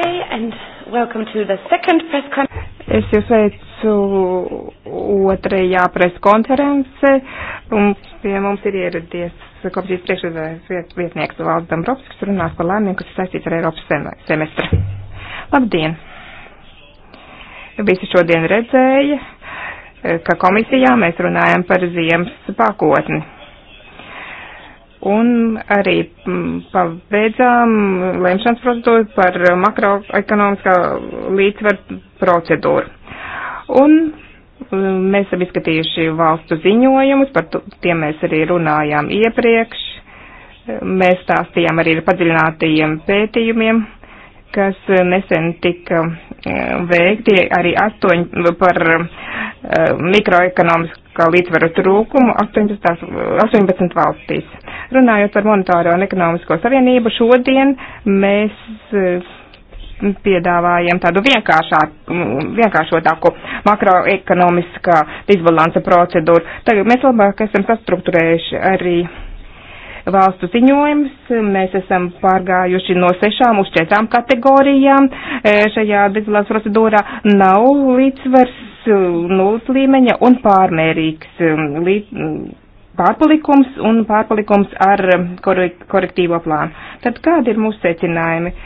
Okay, and welcome to the second press conference. Es jūs veicu otrajā preskonference, un pie mums ir ieradies komisijas priekšredājas viet, vietnieks Valds Dombrovskis, kas runās par lēmumiem, kas ir saistīts ar Eiropas semestru. Labdien! Visi šodien redzēja, ka komisijā mēs runājam par ziemas pakotni Un arī mm, pabeidzām lemšanas procedūru par makroekonomiskā līdzsvaru procedūru. Un mm, mēs esam izskatījuši valstu ziņojumus, par tiem mēs arī runājām iepriekš. Mēs stāstījām arī par padziļinātajiem pētījumiem, kas mm, nesen tika veikti arī astoņ, par mikroekonomiskā līdzsvaru trūkumu 18, 18 valstīs. Runājot par monetāro un ekonomisko savienību, šodien mēs eh, piedāvājam tādu vienkāršotāku makroekonomiskā disbalansa procedūru. Tagad mēs labāk esam sastruktūrējuši arī valstu ziņojums. Mēs esam pārgājuši no sešām uz četrām kategorijām. Eh, šajā disbalans procedūrā nav līdzsvars eh, nulles līmeņa un pārmērīgs līdz, pārpalikums un pārpalikums ar um, korek korektīvo plānu. Tad kādi ir mūsu secinājumi? Uh,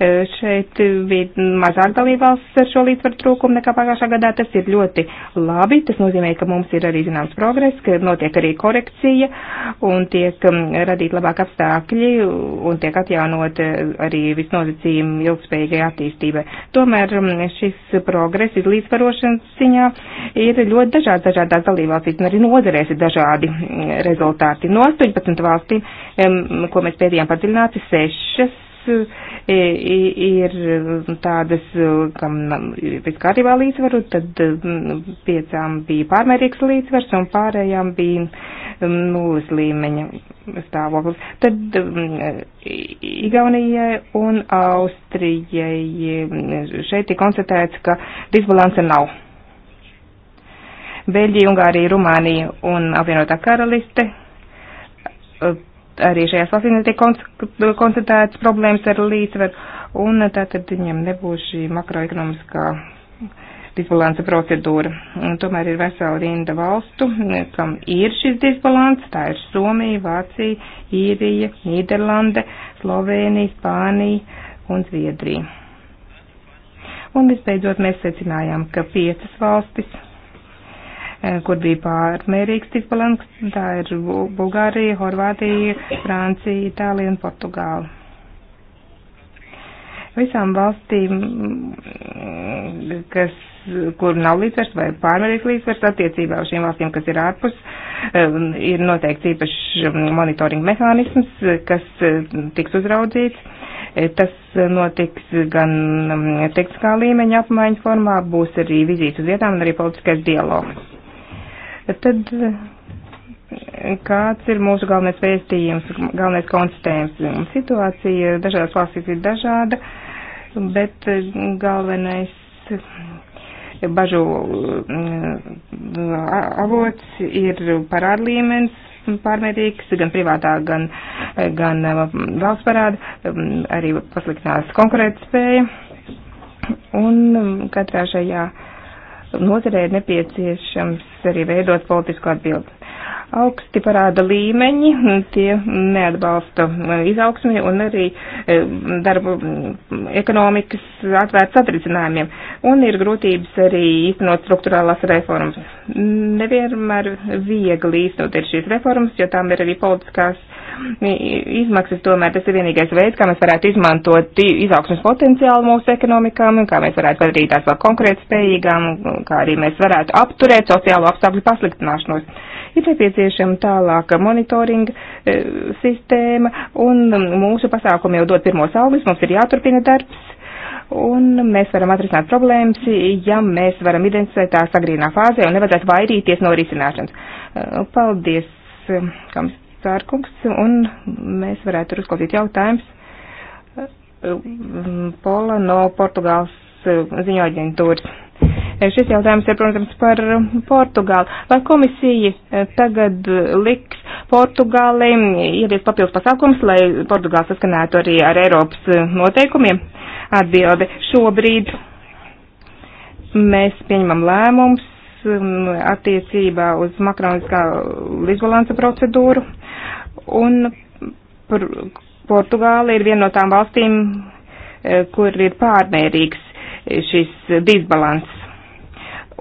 Šeit bija mazāk dalībvalsts ar šo līdzsvaru trūkumu nekā pagājušā gadā. Tas ir ļoti labi. Tas nozīmē, ka mums ir arī zināms progress, ka notiek arī korekcija un tiek um, radīt labāk apstākļi un tiek atjaunot arī visnozacījumi ilgspējīgai attīstībai. Tomēr um, šis progress ir līdzsvarošanas ziņā ir ļoti dažāds dažādās dalībvalstīs un arī nozarēs ir dažādi rezultāti. No 18 valstīm, ko mēs pēdējām padziļināti, sešas ir tādas, kam pēc kārtībā līdzsvaru, tad mm, piecām bija pārmērīgs līdzsvars un pārējām bija mm, nulles līmeņa stāvoklis. Tad mm, Igaunijai un Austrijai šeit ir konstatēts, ka disbalansa nav. Beļģija, Ungārija, Rumānija un apvienotā karaliste arī šajās valstīs netiek koncentrētas problēmas ar līdzsveru, un tātad viņiem nebūs šī makroekonomiskā disbalansa procedūra. Un tomēr ir vesela rinda valstu, kam ir šis disbalans. Tā ir Somija, Vācija, Īrija, Nīderlande, Slovēnija, Spānija un Zviedrija. Un visbeidzot mēs secinājām, ka piecas valstis Eh, kur bija pārmērīgs disbalans. Tā ir Bulgārija, Horvātija, Francija, Itālija un Portugāla visām valstīm, mm, kas, kur nav līdzsvars vai pārmērīgs līdzsvars attiecībā uz šīm valstīm, kas ir ārpus, eh, ir noteikts īpašs mm, monitoringa mehānisms, kas eh, tiks uzraudzīts. Tas notiks gan mm, tekstiskā līmeņa apmaiņas formā, būs arī vizītes uz vietām un arī politiskais dialogs Tad eh, kāds ir mūsu galvenais vēstījums, galvenais konstatējums? Situācija dažādās valstīs ir dažāda, bet eh, galvenais eh, bažu avots ir parādlīmenis pārmērīgs, gan privātā, gan, gan valsts parāda, arī pasliktinās konkurētspēja. Un katrā šajā uh, nozarē ir nepieciešams arī veidot politisku atbildi. Augsti parāda līmeņi, tie neatbalsta e, izaugsmi un arī e, darbu ekonomikas atvērts atricinājumiem. Un ir grūtības arī īstenot struktūrālās reformas. Nevienmēr viegli īstenot ir šīs reformas, jo tām ir arī politiskās uh, izmaksas tomēr tas ir vienīgais veids, kā mēs varētu izmantot izaugsmas potenciālu mūsu ekonomikām, kā mēs varētu padarīt tās vēl konkurētspējīgām, kā arī mēs varētu apturēt sociālo apstākļu pasliktināšanos. Ir nepieciešama tālāka monitoringa e, sistēma, un um, mūsu pasākumi jau dod pirmos augļus, mums ir jāturpina darbs un mēs varam atrisināt problēmas, ja mēs varam identificēt tās agrīnā fāzē un nevajadzētu vairīties no risināšanas. E, paldies, um, Kams. Sārkungs, un mēs varētu tur uzklausīt jautājums. Pola no Portugāles ziņo aģentūras. Šis jautājums ir, protams, par Portugālu. Vai komisija tagad liks Portugālei ievies papildus pasākums, lai Portugāla saskanētu arī ar Eiropas noteikumiem? Atbilde šobrīd mēs pieņemam lēmums Um, attiecībā uz makroniskā līdzbalansa procedūru. Un Portugāla ir viena no tām valstīm, eh, kur ir pārmērīgs šis disbalans.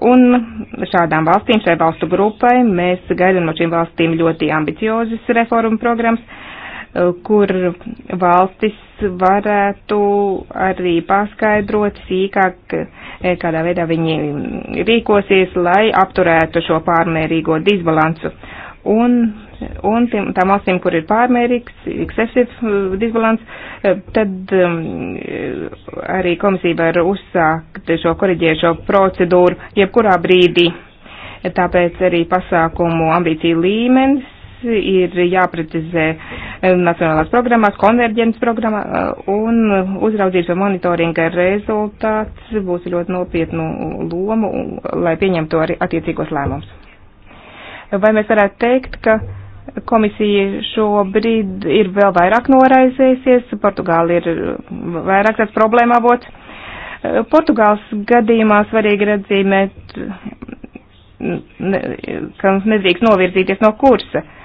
Un šādām valstīm, šai valstu grupai, mēs gaidām no šīm valstīm ļoti ambiciozes reformu programmas kur valstis varētu arī paskaidrot sīkāk, e, kādā veidā viņi rīkosies, lai apturētu šo pārmērīgo disbalansu. Un, un tām valstīm, kur ir pārmērīgs, excessive disbalans, e, tad um, arī komisija var uzsākt šo koriģējušo procedūru jebkurā brīdī. Tāpēc arī pasākumu ambīciju līmenis ir jāprecizē eh, nacionālās programmās, konverģences programmā, eh, un uzraudzības un monitoringa rezultāts būs ļoti nopietnu lomu, lai pieņemtu arī attiecīgos lēmumus. Vai mēs varētu teikt, ka komisija šobrīd ir vēl vairāk noraizējusies, Portugāla ir vairāk tāds problēma avots. Portugāls gadījumā svarīgi redzēt, ka nedrīkst novirzīties no kursa. Uh,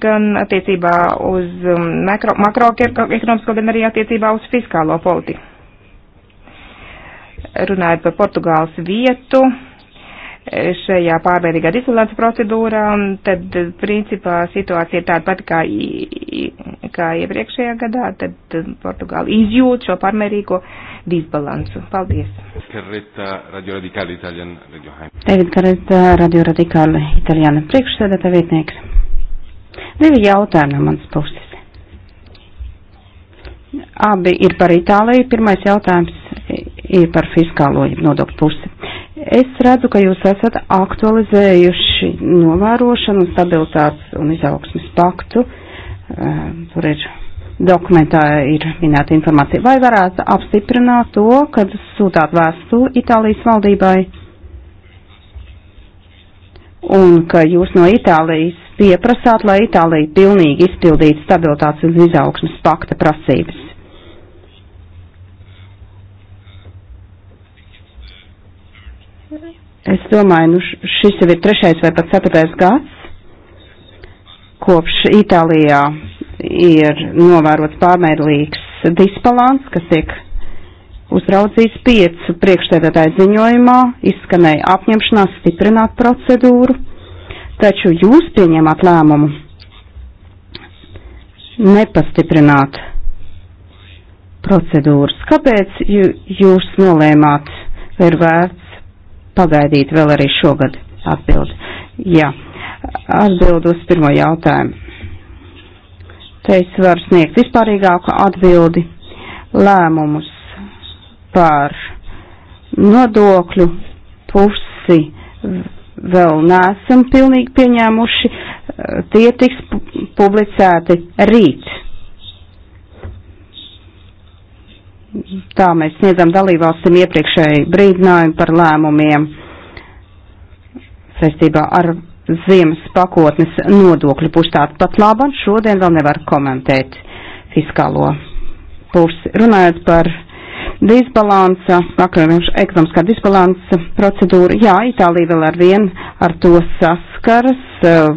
gan attiecībā uz um, makro, makroekonomisko, gan arī attiecībā uz fiskālo politiku. Runājot par Portugāles vietu šajā pārbēdīgā disciplinācijas procedūrā, tad principā situācija ir tāda pati kā, kā iepriekšējā gadā, tad um, Portugāla izjūt šo pārmērīgo disbalansu. Paldies. David Kareta, Radio Radikāli, Itālijāna priekšsēdētāja vietnieks. Divi jautājumi no manas puses. Abi ir par Itāliju. Pirmais jautājums ir par fiskālo nodokļu pusi. Es redzu, ka jūs esat aktualizējuši novērošanu, stabilitātes un izaugsmes paktu. Ehm, tur ir dokumentā ir minēta informācija. Vai varētu apstiprināt to, kad sūtāt vēstuli Itālijas valdībai? un ka jūs no Itālijas pieprasāt, lai Itālija pilnīgi izpildītu stabilitātes un izaugsmas pakta prasības. Es domāju, nu šis jau ir trešais vai pat ceturtais gads, kopš Itālijā ir novērots pārmērīgs disbalans, kas tiek uzraudzīs piecu priekšstādātāju ziņojumā, izskanēja apņemšanās stiprināt procedūru, taču jūs pieņemat lēmumu nepastiprināt procedūras. Kāpēc jūs nolēmāt, vai ir vērts pagaidīt vēl arī šogad atbildi? Jā, atbildu uz pirmo jautājumu. Te es varu sniegt vispārīgāku atbildi. Lēmumus par nodokļu pusi vēl neesam pilnīgi pieņēmuši, eh, tie tiks publicēti rīt. Tā mēs sniedzam dalībvalstīm iepriekšēji brīdinājumu par lēmumiem saistībā ar ziemas pakotnes nodokļu pusi. Tāpat labam šodien vēl nevar komentēt fiskālo pusi. Runājot par disbalansa, ekonomiskā disbalansa procedūra. Jā, Itālija vēl ar vienu ar to saskaras,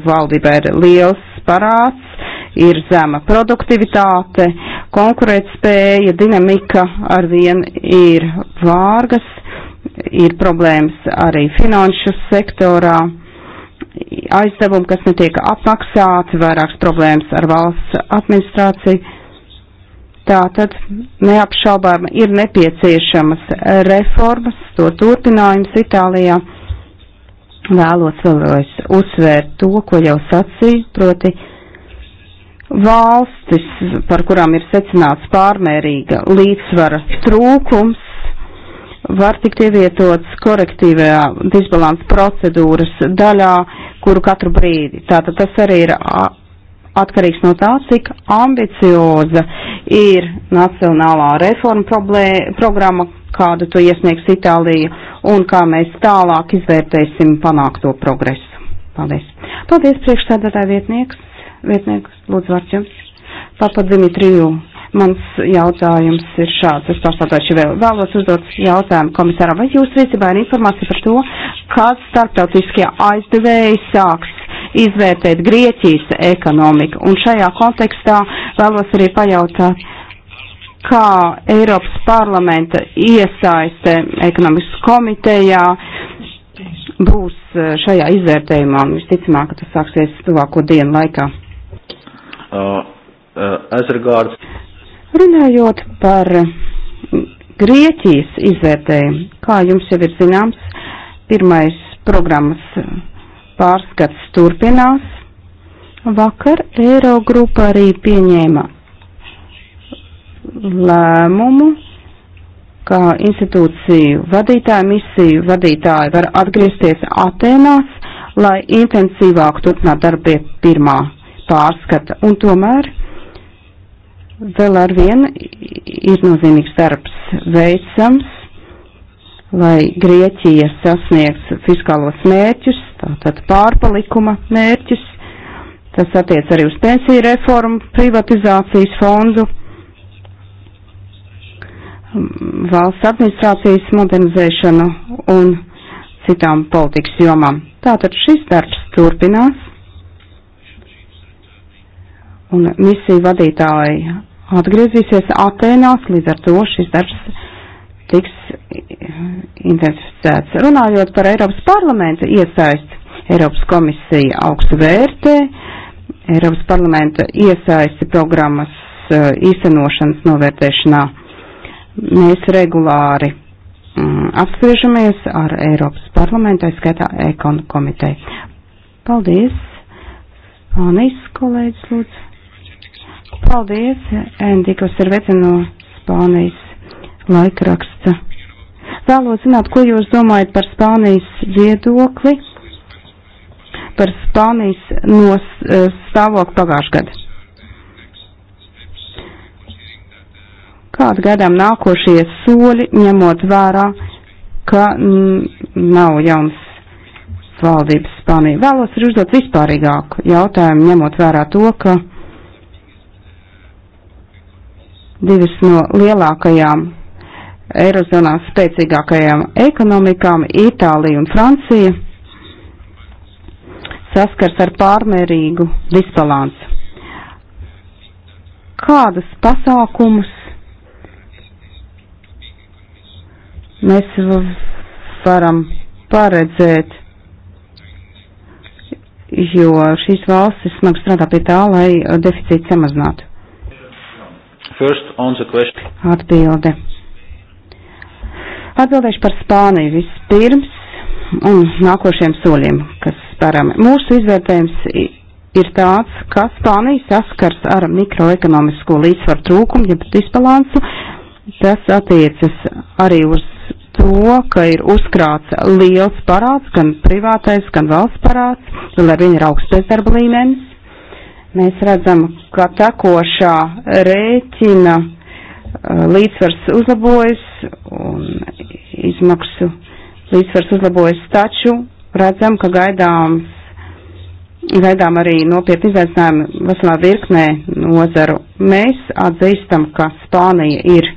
valdībā ir liels parāds, ir zema produktivitāte, konkurētspēja, dinamika ar vienu ir vārgas, ir problēmas arī finanšu sektorā aizdevumi, kas netiek apmaksāti, vairākas problēmas ar valsts administrāciju. Tātad neapšaubām ir nepieciešamas reformas, to turpinājums Itālijā. Vēlos vēlreiz uzsvērt to, ko jau sacīju, proti valstis, par kurām ir secināts pārmērīga līdzsvara trūkums, var tikt ievietots korektīvajā disbalansa procedūras daļā, kuru katru brīdi. Tātad tas arī ir atkarīgs no tā, cik ambicioza ir nacionālā reforma problē, programma, kādu to iesniegs Itālija, un kā mēs tālāk izvērtēsim panākto progresu. Paldies. Paldies, priekšstādātāja vietnieks. Vietnieks, lūdzu, vārds jums. Papa Dimitriju, mans jautājums ir šāds. Es pārstāvēšu vēl, vēlos uzdot jautājumu komisāram. Vai jūs rīcībā ir informācija par to, kad starptautiskie aizdevēji sāks izvērtēt Grieķijas ekonomiku. Un šajā kontekstā vēlos arī pajautāt, kā Eiropas parlamenta iesaiste ekonomikas komitejā būs eh, šajā izvērtējumā, un visticamāk, ka tas sāksies tuvāko dienu laikā. Uh, uh, Runājot par Grieķijas izvērtējumu, kā jums jau ir zināms, pirmais programmas pārskats turpinās. Vakar Eirogrupa arī pieņēma lēmumu, ka institūciju vadītāji, misiju vadītāji var atgriezties Atenās, lai intensīvāk turpināt darbu pie pirmā pārskata. Un tomēr vēl ar vienu ir nozīmīgs darbs veicams lai Grieķija sasniegs fiskālos mērķus, tātad pārpalikuma mērķus. Tas attiec arī uz pensiju reformu, privatizācijas fondu, mm, valsts administrācijas modernizēšanu un citām politikas jomām. Tātad šis darbs turpinās, un misija vadītāji atgriezīsies Atēnās, līdz ar to šis darbs tiks intensificēts. Runājot par Eiropas parlamenta iesaisti, Eiropas komisija augstu vērtē, Eiropas parlamenta iesaisti programmas eh, īstenošanas novērtēšanā. Mēs regulāri mm, apspriežamies ar Eiropas parlamentu, aizskaitā ekonu komiteju. Paldies! Spānijas kolēģis lūdzu. Paldies! Endikos ir vecino Spānijas laikraksta. Vēlos zināt, ko jūs domājat par Spānijas viedokli, par Spānijas nos, eh, stāvokli pagājušajā gadā. Kāda gadām nākošie soļi, ņemot vērā, ka nav jauns valdības Spānija. Vēlos arī uzdot vispārīgāku jautājumu, ņemot vērā to, ka divas no lielākajām Eirozonā spēcīgākajām ekonomikām Itālija un Francija saskars ar pārmērīgu disbalansu. Kādus pasākumus mēs varam paredzēt, jo šīs valstis smagi strādā pie tā, lai deficītu samazinātu? Atbilde Atbildēšu par Spāniju vispirms un nākošiem soļiem, kas spērami. Mūsu izvērtējums ir tāds, ka Spānija saskars ar mikroekonomisko līdzsvaru trūkumu, ja disbalansu. Tas attiecas arī uz to, ka ir uzkrāts liels parāds, gan privātais, gan valsts parāds, vēl ar viņu ir augsts bezdarba līmenis. Mēs redzam, ka tekošā rēķina līdzsvars uzlabojas un izmaksu līdzsvars uzlabojas, taču redzam, ka gaidām, gaidām arī nopietni izaicinājumi veselā virknē nozaru. Mēs atzīstam, ka Spānija ir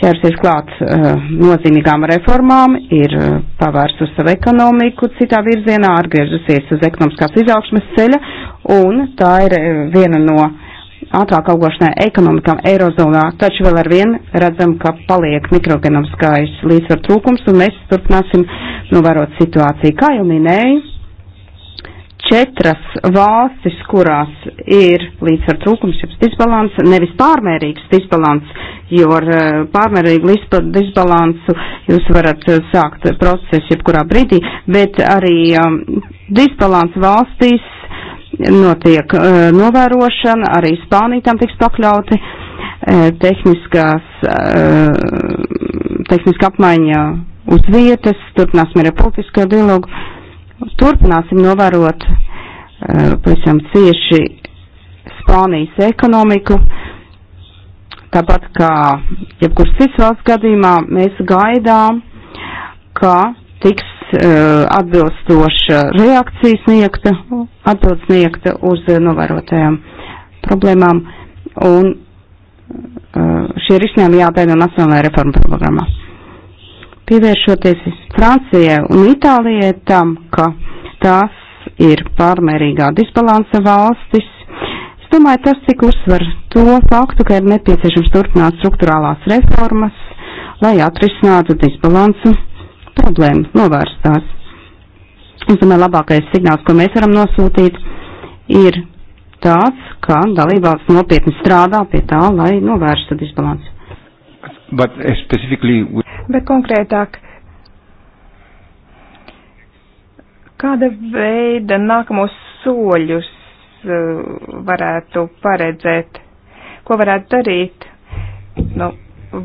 ķērsies klāt uh, nozīmīgām reformām, ir uh, pavērsus savu ekonomiku citā virzienā, atgriežusies uz ekonomiskās izaugsmes ceļa, un tā ir uh, viena no uh, ātrāk augošanai ekonomikām Eirozonā, taču vēl ar vienu redzam, ka paliek mikroekonomiskais līdzsvar trūkums, un mēs turpināsim novērot situāciju. Kā jau minēju, četras valstis, kurās ir līdzsvar trūkums, jums disbalans, nevis pārmērīgs disbalans, jo ar eh, pārmērīgu disbalansu jūs varat eh, sākt procesu jebkurā brīdī, bet arī um, disbalans valstīs notiek uh, novērošana, arī Spānija tam tiks pakļauti, uh, tehniskās, uh, tehniska apmaiņa uz vietas, turpināsim arī politisko dialogu, turpināsim novērot pavisam cieši Spānijas ekonomiku, tāpat kā jebkurš cits valsts gadījumā mēs gaidām, ka tiks Uh, atbilstoša reakcija sniegta, atbild sniegta uz novērotajām problēmām, un uh, šie risinājumi jābeidz Nacionālajā reforma programmā. Pievēršoties Francijai un Itālijai tam, ka tās ir pārmērīgā disbalansa valstis, es domāju, tas tik uzsver to faktu, ka ir nepieciešams turpināt struktūrālās reformas, lai atrisinātu disbalansu problēmu, novērst tās. Es domāju, labākais signāls, ko mēs varam nosūtīt, ir tāds, ka dalībvalsts nopietni strādā pie tā, lai novērstu disbalansu. Uh, specifically... Bet konkrētāk, kāda veida nākamos soļus uh, varētu paredzēt? Ko varētu darīt? Nu,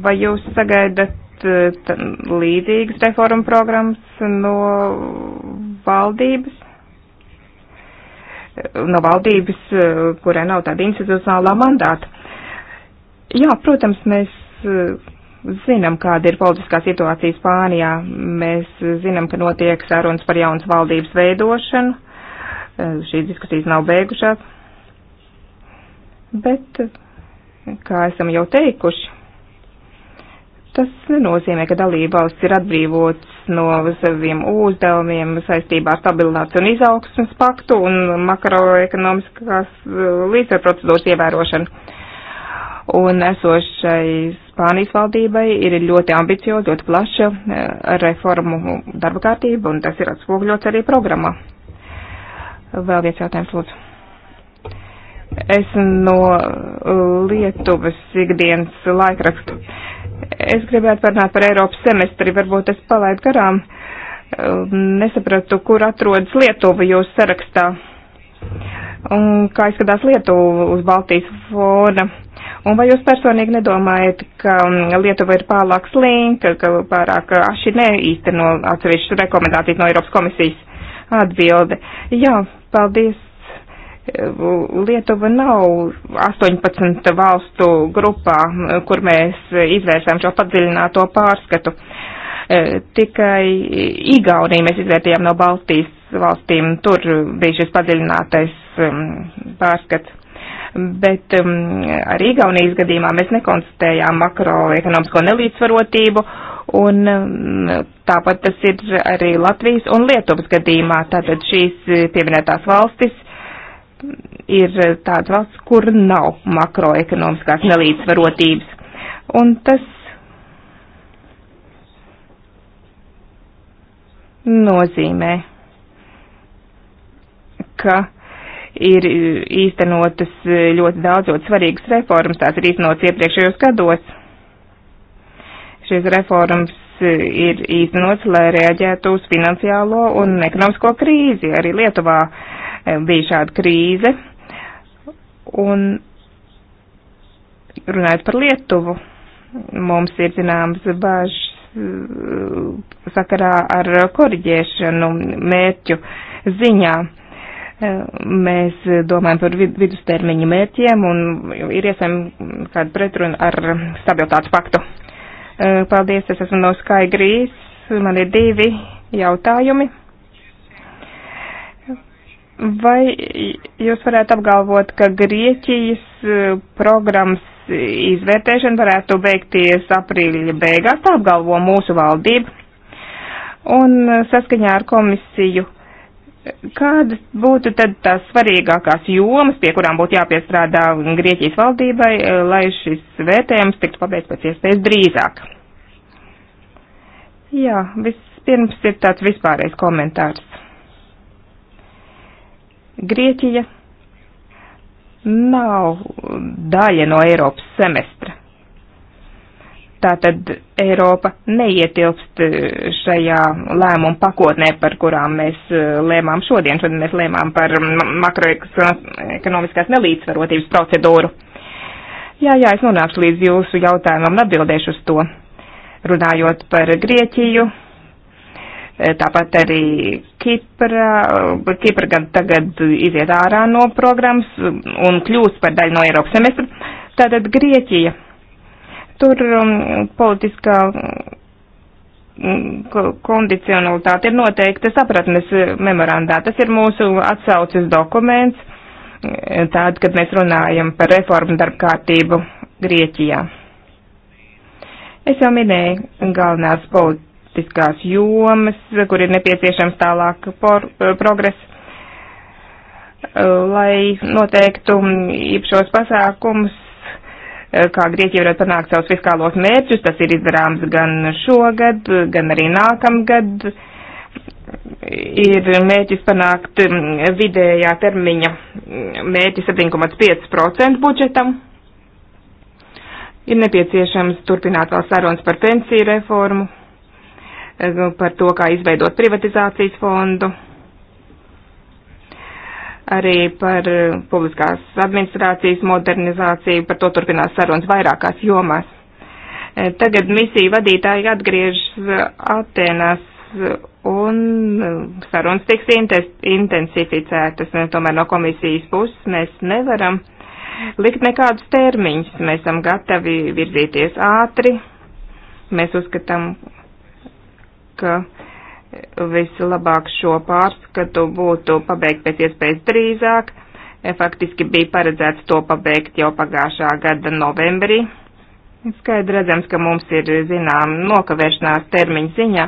vai jūs sagaidat gaidīt eh, līdzīgas reformu programmas no valdības, eh, no valdības, eh, kurai nav tāda institucionālā mandāta. Jā, protams, mēs zinām, kāda ir politiskā situācija Spānijā. Mēs zinām, ka notiek sarunas par jaunas valdības veidošanu. Šīs diskusijas nav beigušās. Bet, kā esam jau teikuši, Tas nenozīmē, ka dalība valsts ir atbrīvots no saviem uzdevumiem saistībā ar stabilitātes un izaugsmas paktu un makroekonomiskās eh, līdzsvarprocedūras ievērošanu. Un esošai Spānijas valdībai ir ļoti ambicioza, ļoti plaša eh, reformu darba kārtība, un tas ir atspogļots arī programmā. Vēl viens jautājums, lūdzu. Es no eh, Lietuvas ikdienas laikrakstu Es gribētu parunāt par Eiropas semestri, varbūt es palaidu garām. Nesapratu, kur atrodas Lietuva jūsu sarakstā. Un kā izskatās Lietuva uz Baltijas fona? Un vai jūs personīgi nedomājat, ka Lietuva ir pārāk slinka, ka pārāk aši neīsteno atsevišķas rekomendācijas no Eiropas komisijas atbildi? Jā, paldies Lietuva nav 18 valstu grupā, kur mēs izvēršām šo padziļināto pārskatu. E, tikai Igauniju mēs izvērtījām no Baltijas valstīm, tur bija šis padziļinātais um, pārskats. Bet um, arī Igaunijas gadījumā mēs nekonstatējām makroekonomisko nelīdzsvarotību, un um, tāpat tas ir arī Latvijas un Lietuvas gadījumā. Tātad šīs pieminētās valstis ir tādas valsts, kur nav makroekonomiskās nelīdzvarotības. Un tas nozīmē, ka ir īstenotas ļoti daudz ļoti svarīgas reformas, tās ir īstenotas iepriekšējos gados. Šīs reformas ir īstenotas, lai reaģētu uz finansiālo un ekonomisko krīzi arī Lietuvā. Uh, bija šāda krīze. Un runājot par Lietuvu, mums ir zināms bažas eh, sakarā ar koriģēšanu mērķu ziņā. Eh, mēs domājam par vidustermiņa mērķiem un ir iespējami kāda pretruna ar stabilitātes paktu. Eh, paldies, es esmu no Sky Grīs, man ir divi jautājumi. Vai jūs varētu apgalvot, ka Grieķijas e, programmas izvērtēšana varētu beigties aprīļa beigās, tā apgalvo mūsu valdība? Un e, saskaņā ar komisiju, kādas būtu tad tās svarīgākās jomas, pie kurām būtu jāpiestrādā Grieķijas valdībai, e, lai šis vērtējums tiktu pabeigts pēc iespējas drīzāk? Jā, vispirms ir tāds vispārējais komentārs Grieķija nav daļa no Eiropas semestra. Tātad Eiropa neietilpst eh, šajā lēmumu pakotnē, par kurām mēs eh, lēmām šodien. Šodien mēs lēmām par makroekonomiskās nelīdzsvarotības procedūru. Jā, jā, es nonākšu līdz jūsu jautājumam un atbildēšu uz to. Runājot par Grieķiju, Eh, tāpat arī Kipra, Kipra gan tagad iziet ārā no programmas un kļūst par daļu no Eiropas semestra. Tātad Grieķija. Tur um, politiskā um, kondicionalitāte ir noteikta sapratnes memorandā. Tas ir mūsu atsaucis dokuments, eh, tād, kad mēs runājam par reformu darbkārtību Grieķijā. Es jau minēju galvenās politikas tematiskās jomas, kur ir nepieciešams tālāk por, progress, lai noteiktu īpašos pasākumus, kā Grieķija varētu panākt savus fiskālos mērķus. Tas ir izdarāms gan šogad, gan arī nākamgad. Ir mērķis panākt vidējā termiņa mērķi 7,5% budžetam. Ir nepieciešams turpināt vēl sarunas par pensiju reformu Eh, par to, kā izveidot privatizācijas fondu, arī par eh, publiskās administrācijas modernizāciju, par to turpinās sarunas vairākās jomās. Eh, tagad misija vadītāji atgriežas Atenās un sarunas tiks intensificētas, tomēr no komisijas puses mēs nevaram likt nekādus termiņus. Mēs esam gatavi virzīties ātri. Mēs uzskatām, ka vislabāk šo pārskatu būtu pabeigt pēc iespējas drīzāk. E, faktiski bija paredzēts to pabeigt jau pagājušā gada novembrī. Skaidri redzams, ka mums ir zinām nokavēšanās termiņa ziņa,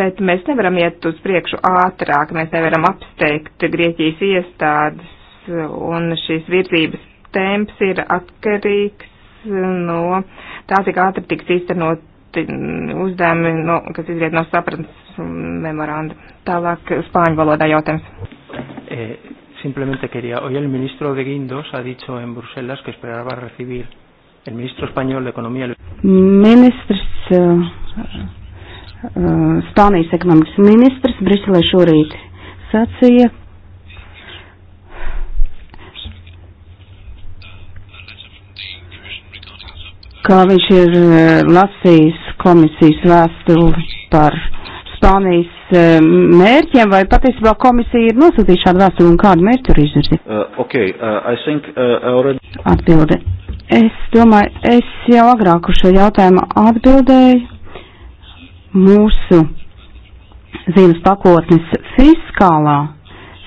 bet mēs nevaram iet uz priekšu ātrāk, mēs nevaram apsteigt Grieķijas iestādes, un šīs virzības temps ir atkarīgs no tā, cik ātri tiks īstenot citi uzdevumi, no, kas izriet no sapratnes memoranda. Tālāk spāņu valodā jautājums. E, simplemente quería, hoy el ministro de Guindos ha dicho en Bruselas que esperaba recibir el ministro español de Economía. Ministrs, uh, uh, Spānijas ekonomikas ministrs Briselē šorīt sacīja, ka viņš ir eh, lasījis komisijas vēstuli par Spānijas eh, mērķiem, vai patiesībā komisija ir nosūtījusi šādu vēstuli un kādu mērķu ir izvirzīta? Uh, okay, uh, think, uh, already... Atbilde. Es domāju, es jau agrāk uz šo jautājumu atbildēju. Mūsu zīmes pakotnes fiskālā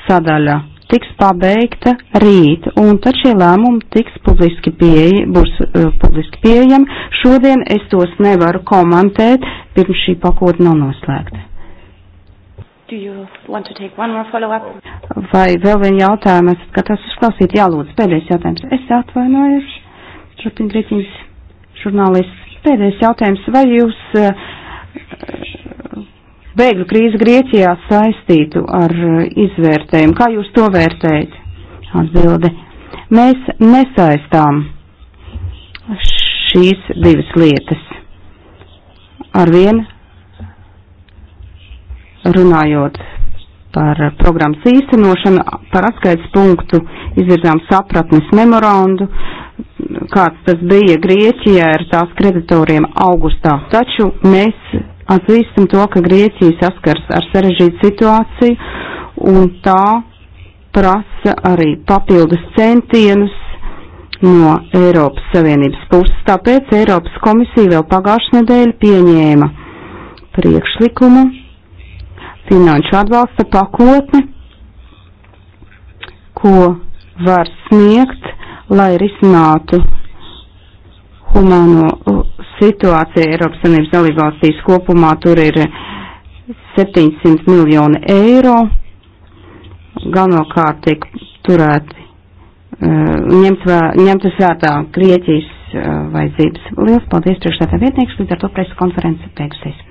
sadaļa tiks pabeigta rīt, un tad šie lēmumi tiks publiski pieeja, būs uh, publiski pieejami. Šodien es tos nevaru komentēt, pirms šī pakota nav noslēgta. Vai vēl viena jautājuma? Es skatās uzklausīt, jālūdz pēdējais jautājums. Es atvainojos, Šurpindrītiņas žurnālists. Pēdējais jautājums, vai jūs uh, bēgļu krīzi Grieķijā saistītu ar eh, izvērtējumu. Kā jūs to vērtējat? Atbildi. Mēs nesaistām šīs divas lietas. Arvien runājot par programmas īstenošanu, par atskaits punktu izvirzām sapratnes memorandu, kāds tas bija Grieķijā ar tās kreditoriem augustā. Taču mēs atzīstam to, ka Grieķija saskars ar sarežģītu situāciju un tā prasa arī papildus centienus no Eiropas Savienības puses. Tāpēc Eiropas komisija vēl pagājušā nedēļa pieņēma priekšlikumu finanšu atbalsta pakotni, ko var sniegt, lai risinātu humāno uh, situāciju Eiropas Savienības dalībvalstīs kopumā. Tur ir 700 uh, miljoni eiro. Galvenokārt tiek turēti, uh, ņemt, vē, ņemt uz vērtā Grieķijas vajadzības. Lielas paldies priekšstādā vietnieks, līdz ar to presa konference beigusies.